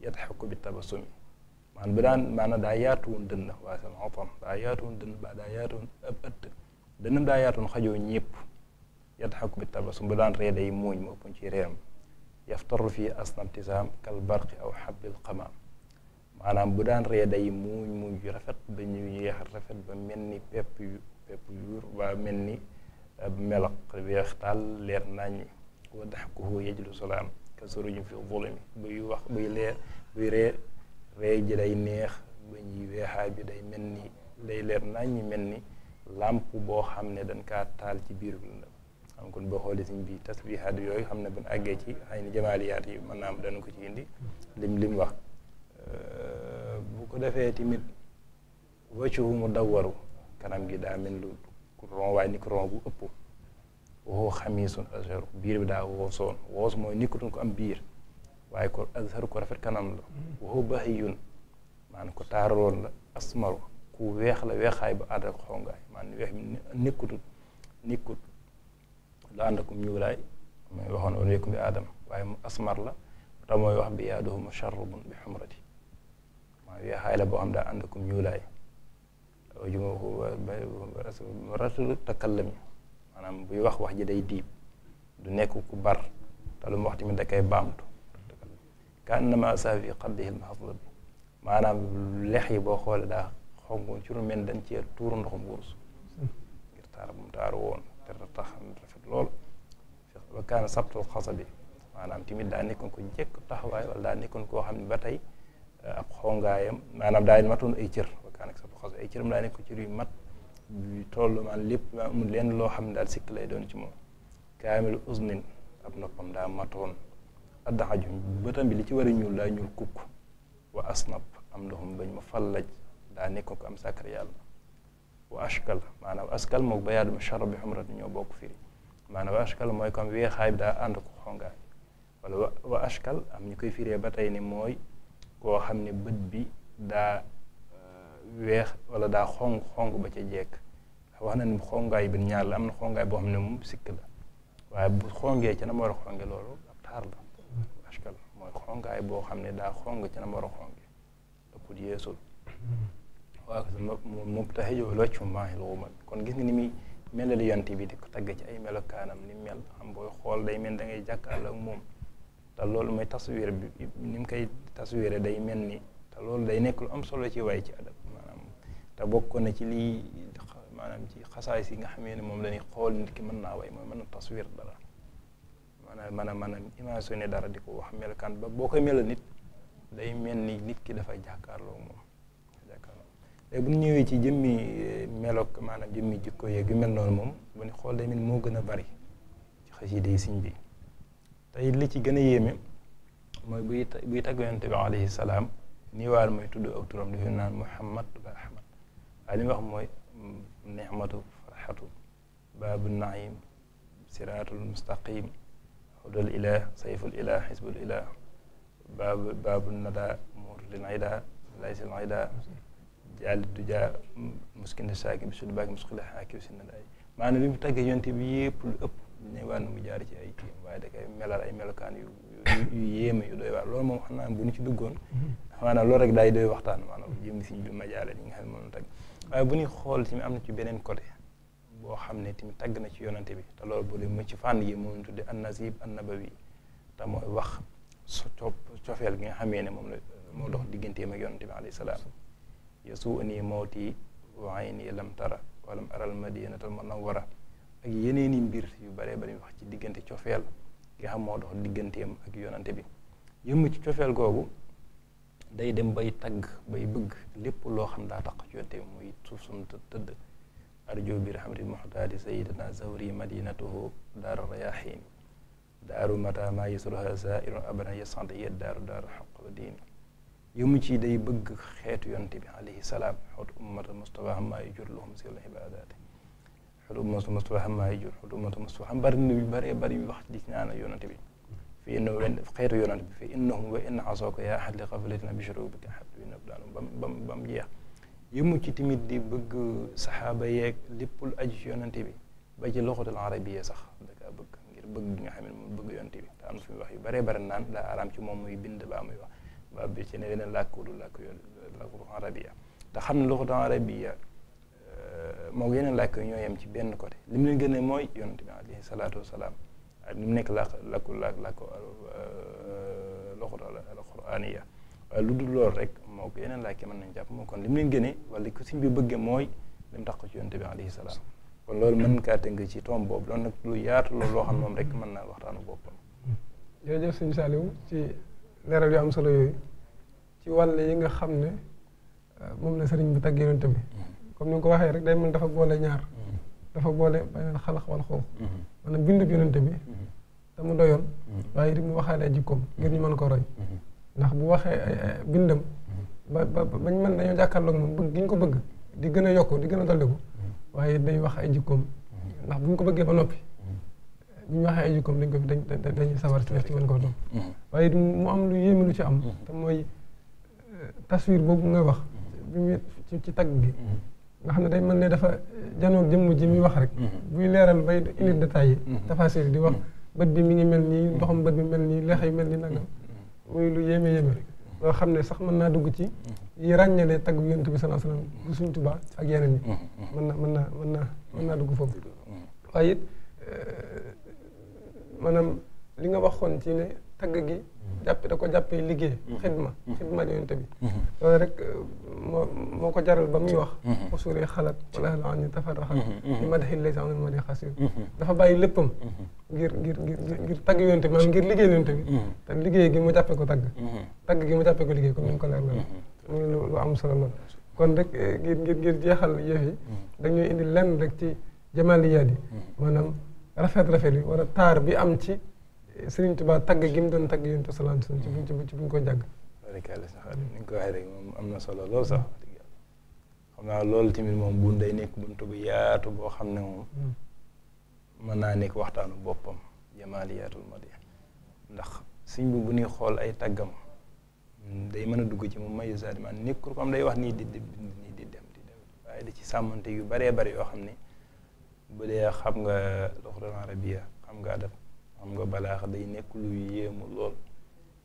Speaker 1: yadxaku bi tabasumi maanaam bi daan maanaam daa yaatuwoon dënn waasin xatam daa yaatuwoon dënn ba daa yaatuwoon ab ëtt dënnam daa yaatoon xajoo ñépp yadxaku bi tabasum bu daan ree day muuñ mu ëppoon ci réeram yaftaru fii asnamtisaam kal barqi aw xabbil xamaam maanaam bu daan ree day muuñ muuñ rafet ba ñu yeex rafet ba mel ni pepp yu pepp yuur ba mel ni eh, melax weex taal leer nañ wa daxkuhu yajlu salaam ka surujum fi zulumi buy wax buy leer buy ree ree ji day neex ba ñuy weexaay bi day mel ni day leer nañ mel ni làmp boo xam ne dañ kaa taal ci biiru lëndëm xam kon boo xoolee siñ bi tasbihaat yooyu xam ne bu ñu àggee ci ay ni jamaaliyaat yi mën naa am dana ko ci indi lim lim wax euh, bu ko defee tamit waccuhu mu dawwaru kanam gi daa mel lu kuron waaye ni kuron bu ëpp woo xamiisun azharu biir bi daa woosoon woos mooy nikkutuñ ko am biir waaye ko azharu ko rafet kanam la woo bahiyun maanaam ko taaraloon la asmaru ku weex la weexaay ba ànd ak xongaay maanaam weex mi nekkutut nekkut lu ñuulaay mooy waxoon woon wekkum bi aadama waaye mu asmar la te mooy wax bi yaaduhu musharrabun bi xumrati boo xam daa ànd akum ñuulaay ratul takallam maanaam buy wax wax ji day diib du nekk ku bar te lu mu wax tamit da koy baamtu ka annama saa fi xaddihi lmaxdud bi maanaam lex boo xoolee daa xongoon ci lu mel dañ cee tuuru ndoxum wurus ngir taar bu mu taaru woon te tax rafet lool ba kaana sabtul xasa maanaam tamit daa nekkoon ko jekk taxawaay wala daa nekkoon koo xam ne ba tey eh, ab xongaayam maanaam daa matoon ay cër ba kaana sabtul xasa ay yu mat yu toll lépp maa loo xam ne daal sikk lay doon ci moom kaamilu usnin ab noppam daa matoon addaxajum bëtam bi li ci war a ñuul daa ñuul kukk wa asnab am ndoxum bañ ma fallaj daa nekkoon ko am sàkkar yàlla wa ashkal maanaam askal mook bayaadu musharrab bi xumrat ñoo bokk firi maanaam wa mooy comme weexaay bi daa ànd ko xongaay wala wa ashkal am ñu koy firee ba tey ni mooy koo xam ne bët bi daa euh, weex walla daa xong xong ba ca jekk wax na ni xongaay bi ñaar la am na xongaay boo xam ne moom sikk la waaye bu xongee ca na ma war a xonge loolu ab taar la mooy xongaay boo xam ne daa xong ca na ma war a xonge ëppul yeesul mubtahijulocum wu xumal kon gis nga ni muy melal yonte bi di ko tagg ci ay melokaanam ni mel xam booy xool day mel da ngay jàkkaarloo moom te loolu mooy taswir bi ni mu koy taswire day mel ni te loolu day nekk lu am solo ci waay ci adab maanaam te bokk na ci lii maanaam ci xasaay si nga xamee ne moom la dañuy xool nit ki mën naa way mooy mën na taswir dara maanaam mën a mën a imaginer dara di ko wax melokaan ba boo koy melo nit day mel ni nit ki dafay jàkkaarloo moom léegi bu ñu ñëwee ci jëmmi eh, meloog maanaam jëmmi jikko yeeg yu mel noonu moom bu ñu xool tamit moo gën a bari ci xasida yi sëñ bi tey li ci gën a yéeme mooy buy buy tagg yonent bi alayhi salaam nii waar mooy tudd ak turam dafa naan Muhammad ba Ahmad waaye li mu wax mooy nixmatu farxatu baabu naim siraatul mustaqim hudal ilah sayful ilah xisbul ilah baabu baabu nada muurlin ida laysil ida jaalit du jaa muskina saaki bi suñu baagi muskila xaaki si na ay maanaam li mu tàggee yonte bi yëpp lu ëpp ne wàll mu jaar ci ay kii waaye da koy melal ay melokaan yu yu yéeme yu doy waar loolu moom xam naa bu ñu ci duggoon maanaam mhm. loolu rek daay doy waxtaan maanaam jëm si bi majaale ñi nga xam ne moom tagg waaye bu ñuy xool tamit am na ci beneen côté boo xam ne tamit tagg na ci yonante bi te loolu bu dee mu ci fànn yi moom tudde an nasib an nabawi te mooy wax so cofeel gi nga xamee ne moom la moo dox digganteem ak yonante bi alayhi salaam yasuuni mawti wa ayni lam tara walam aral madinatal munawwara ak yeneeni mbir yu bare bari wax ci diggante cofeel nga xam moo dox digganteem ak yonante bi yëmm ci cofeel googu day dem bay tagg bay bëgg lépp loo xam daa tax ci yonante muy suuf sum tëdd arjo bi raxmati muxtaadi sayidana zawri madinatuhu daaru rayaxiin daaru mata maa yasruha sairun abana yasante yet daaru daaru xaq wa yu mu ci day bëgg xeetu yonte bi alayhi salaam xut ummata mustafa xammaa yu jur luhum si la ibaadaati xut ummata mustafa xammaa yu jur xut ummata mustafa xam bari na yu baree bari wax di ñaanal yonante bi fi innahu xeetu yonante bi fi innahum wa in asooka yaa ahad li xaflatin abshiruu bika xablu nab daanu bam bam bam jeex yu mu ci tamit di bëgg saxaaba yeeg lépp lu aju ci yonante bi ba ci loxatul arabiya sax dakaa bëgg ngir bëgg gi nga xam ne moom bëgg yonante bi te am fi wax yu baree bari naan daa araam ci moom muy bind baa muy wax ba àbbi ci ne yeneen làkk du làkk yoon làkku arabia te xam ne luxatan arabia euh, moo yeneen làkk ñoo yem ci benn côté li mu leen gën a mooy yonent bi alayhi salaatu wasalaam ak li mu nekk làkk làkku làkk làkku euh, luxatan alquraaniya waaye lu dul loolu rek moo ko yeneen làkk mën nañ jàpp moo kon li mu leen gënee wala ko suñ bi bëggee mooy li mu tax ko ci yonent bi alayhi salaam kon loolu mën kaa tënk ci tomb boobu loolu nag lu yaatu loolu loo xam moom rek mën naa waxtaanu boppam
Speaker 2: jërëjëf sëñ Saliou ci leeral yu am solo yooyu ci wàll yi nga xam ne euh, moom la sëriñ bi tàggee yonent bi comme ni nga ko waxee rek day mel dafa boole ñaar dafa boole beneen xalax wal xoox maanaam bindub yonent bi te mu doyoon waaye di mu waxaalee jikkoom ngir ñu mën ko roy ndax bu waxee ay bindam ba ba bañ mën dañoo jàkkaarloog moom gi ñu ko bëgg di gën a yokk di gën a dolliku waaye day wax ay jikkoom ndax bu ñu ko bëggee ba noppi bu ñu waxee aju comme dañ ko dañ dañuy sawar ci def mën koo doon mhm. waaye mu am lu yéeme lu ci am mhm. te mooy euh, taswiir boobu nga wax bi mu ci tagg gi mhm. nga xam ne day mën ne dafa janoog jëmm ji muy wax rek buy leeral bay indi détails yi tafasir di wax bët bi mi ngi mel nii ndoxam bët bi mel nii leex yi mel nii nangam muy lu yéeme yéeme loo xam ne sax mën naa dugg ci yi ràññale tagg yonent bi sallallahu alayhi wasallam bu suñ tubaa ak yeneen yi mën na mën naa mën naa mën naa dugg foofu waaye euh, maanaam li nga waxoon ci ne tagg gi mm-hmm. jàpp da ko jàppee liggéey mm-hmm. xidma mm-hmm. xidma yonent bi loolu rek euh, moo moo ko jaral ba muy wax usuree xalaat wala la ñu tafaraxa ñi ma dexi lasa ma di xas dafa bàyyi léppam ngir ngir ngir ngir tagg yonent bi ngir liggéey yonent bi te liggéey gi mu jàppee ko tagg tagg gi mu jàppee ko liggéey comme ni nga ko leer la muy lu am solo la kon rek euh, ngir ngir ngir jeexal yëf yi dañuy indi lenn rek ci jamaliyaat yi maanaam rafet rafet bi wala taar bi am ci Sëriñ Tuubaa tagg gi mu doon tagg yonent salaam ci buñ ci buñ ko jàgg
Speaker 1: barikàlla sax ni ko waxee rek moom am na solo lool sax xam naa tamit moom bu day nekk buntu bu yaatu boo xam ne hmm. mën naa nekk waxtaanu boppam jamaaliyatul madi ndax sëñ bi bu ñuy xool ay tàggam day mën a dugg ci moom mayu saadiman nekkul ko day wax nii di di nii di dem di dem waaye da ci sàmmante yu baree bari yoo xam ne bu xam nga loxran arabia xam nga adab xam nga balaax day nekk lu yéemu lool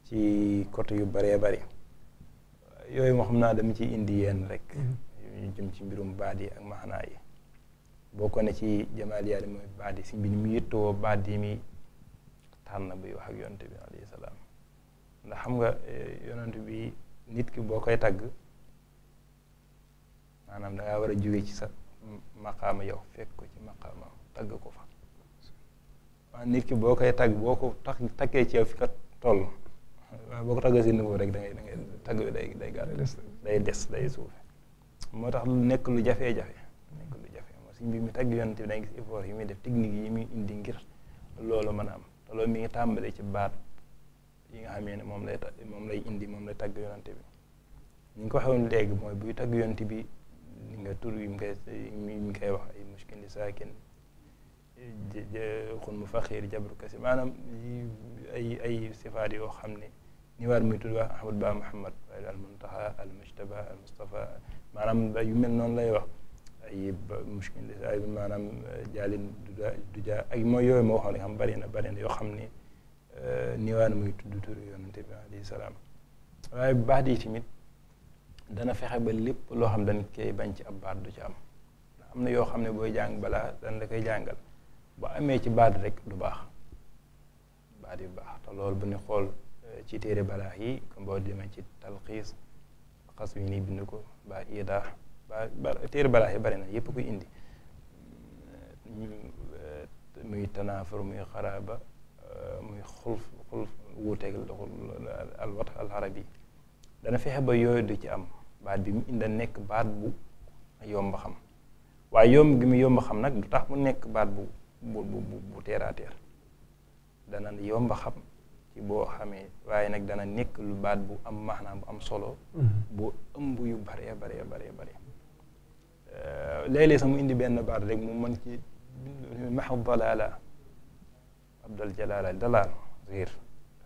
Speaker 1: ci côté yu baree bari yooyu moo xam naa dama ci indi yenn rek ñu mm-hmm. jëm ci mbirum baat yi ak maxanaa yi boo ko ne ci jamaal yàlla mooy yi si bi ni mu yittoo baat yi muy tànn buy wax ak yonent bi alayhi salaam ndax xam nga eh, yonent bi nit ki boo koy tagg maanaam dangaa war a jóge ci sa maqaama yow fekk ko ci maqaama tagg ko fa waaw nit ki boo koy tagg boo ko tax takkee ci yow fi ka toll waaw boo ko taggee si niveau rek da ngay da tagg day day gàtt day des day suufe moo tax nekk lu jafe-jafe nekk lu jafe moo si bi mu tagg yonent da ngay gis effort yi muy def technique yi muy indi ngir loolu mën a am te loolu mi ngi tàmbalee ci baat yi nga xamee ne moom lay moom lay indi moom lay tagg yonent bi ni ñu ko waxee woon léegi mooy buy tag yonent bi li nga tur yi mu koy yi mu koy wax ay mushkin li saakin xun mu faxiir jabru kasi maanaam ay ay sifaat yoo xam ne ni waar muy tudd wax ahmad ba muhammad waaye al muntaha al mujtaba maanaam yu mel noonu lay wax ay mushkin li ay maanaam jaalin duda duja ak mooy yooyu ma waxoon xam bari na bari na yoo xam ne euh, niwaan muy tudd tur yonante bi salaam waaye baax di dana fexe ba lépp loo xam dañ koy bañ ci ab baat du ci am am na yoo xam ne booy jàng balaa dañ la koy jàngal bu amee ci baat rek du baax baat yu baax te loolu bu ñu xool ci téere balaa yi comme boo ci talxiis xas nii bind ko ba iidaax ba téere bari na yépp koy indi muy tanaafur muy xaraaba muy xulf xulf wuuteeg alwat alxarabi dana fexe ba yooyu du ci am baat bi mu indi nekk baat bu yomb xam waaye yomb gi mu yomb xam nag du tax mu nekk baat bu bu bu bu teer a teer dana yomb xam ci boo xamee waaye nag dana nekk lu baat bu am maanaam bu am solo. Mm-hmm. bu yu baree baree baree euh, baree. léeg-léeg sax benn baat rek mu mën ci maxu dalaala abdal jalaala dalaal riir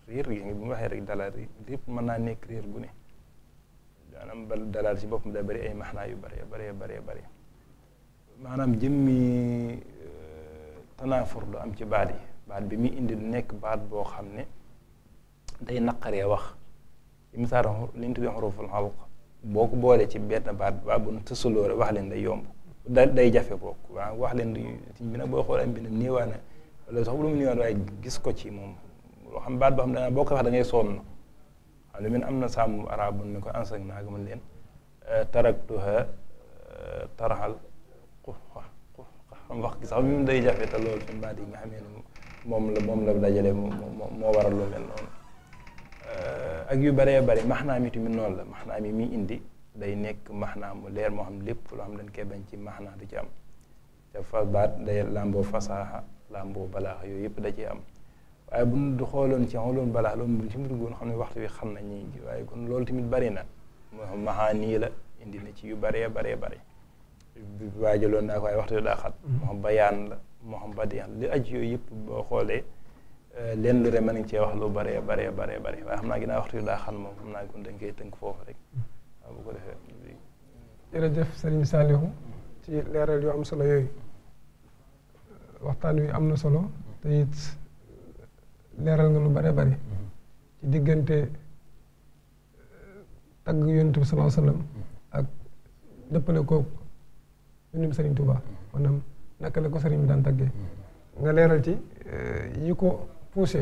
Speaker 1: riir gi bu mu waxee rek dalaal riir mën naa nekk riir gu ne. maanaam bal dalaal ci boppam day bari ay maxnaa yu bëree bëree bëree bëri maanaam jëmmi euh, tanaafur lu am ci baat yi baat bi muy indi du nekk baat boo xam ne day naqaree wax ci misaal li ñu tuddee xuruful boolee ci benn baat baat bu nu wax leen day yomb da day jafe book waa wax leen siñ bi nag boo xool am bi ne néewaa na loolu sax lu mu néewaan waaye gis ko ci moom loo xam baat boo xam ne boo ko wax da ngay sonn xale min am na sàmm arabun ni ko ansag naa ko mën leen eh, taraktuha eh, taraxal xam wax gi sax bi mu day jafe te loolu suñu baat nga xamee ne moom la moom la dajale moo waral lu mel noonu eh, ak yu naa mi maxnaam itamit noonu la maxnaam yi mi indi day nekk max naa mu leer moo xam lépp loo xam dañ koy bañ ci maxnaa du ci am te fa baat day làmboo fasaaxa làmboo balaaxa yooyu yëpp da ciy am waaye bu ñu xooloon ci xoloon balaa loolu bu xam ne waxtu wi xam nañ waaye kon loolu tamit bari na moo nii la indi na ci yu baree baree bari waajaloon naa ko waaye waxtu wi daa xat bayaan la moo xam badiyaan li aj yooyu yëpp boo xoolee leen lu nañ cee wax lu baree baree baree bare waaye xam naa ginnaaw waxtu wi moom xam naa kon dañ koy tënk foofu rek waaw bu ko defee
Speaker 2: jërëjëf sëriñ Saliou ci leeral yu am solo yooyu waxtaan wi am na solo te it leeral nga lu bare bari mm-hmm. ci diggante euh, tagg yonent bi sallallahu alayhi mm-hmm. ak dëppale ko yonent bi tubaa Touba mm-hmm. maanaam naka la ko Serigne bi daan taggee nga leeral ci euh, yi ko poussé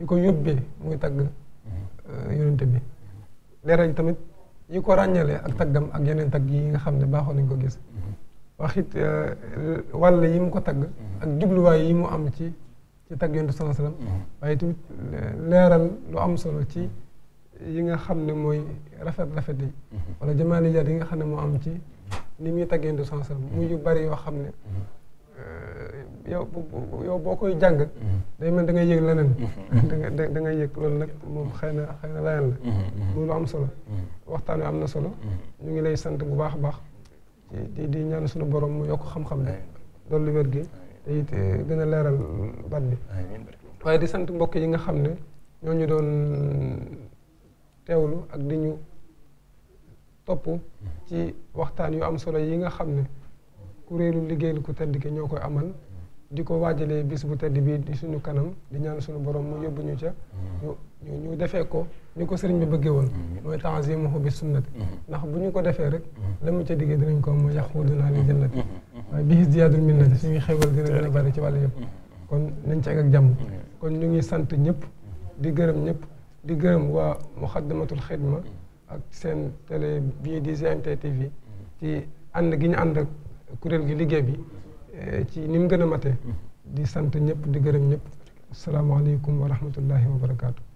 Speaker 2: yi ko yóbbee muy tagg euh, yonent bi leeral tamit yi ko ràññalee ak taggam ak yeneen tagg yi nga xam ne baaxoo nañ ko gis wax it yi mu ko tagg ak jubluwaay yi mu am ci ci tagg yonent sallallahu mm-hmm. waaye tamit leeral lu am solo ci yi nga xam ne mooy rafet rafet yi mm-hmm. wala jamaaliyaat yi nga xam ne moo am ci ni muy tagg yonent sallallahu yu bari yoo xam ne mm-hmm. yow yow boo koy jàng day mel da ngay yëg leneen danga ngay yëg loolu nag moom xëy na xëy na layan la muy lu am solo waxtaan wi am na solo ñu ngi lay sant bu baax a baax di di ñaan suñu borom mu yokk xam-xam bi loolu wér gi te it gën leeral baat bi waaye di sant mbokk yi nga xam ne ñoo ñu doon teewlu ak di ñu topp ci waxtaan yu am solo yi nga xam ne kuréelu liggéeyal ku tedd ki ñoo koy amal di ko waajalee bis bu tedd bii di suñu kanam di ñaan suñu borom mu yóbbu ñu ca mm. ñu ñu defee ko ni ko sëriñ bi bëggee woon mhm. mooy tanzimuhu bi sunnati mhm. ndax bu ñu ko defee rek mhm. la mu ca diggee dinañ ko mu yaxuduna li jannati waaye bi ziyaadul minnati suñuy xewal dina gën a bari ci wàll yëpp kon nañ ci ak jàmm kon ñu ngi sant ñëpp di gërëm ñëpp di gërëm waa muxaddamatul xidma ak seen télé bii di ci ànd gi ñu ànd kuréel gi liggéey bi eh, ci ni mu gën a matee di sant
Speaker 1: ñëpp di gërëm ñëpp asalaamaaleykum wa rahmatullahi wa barakaatu.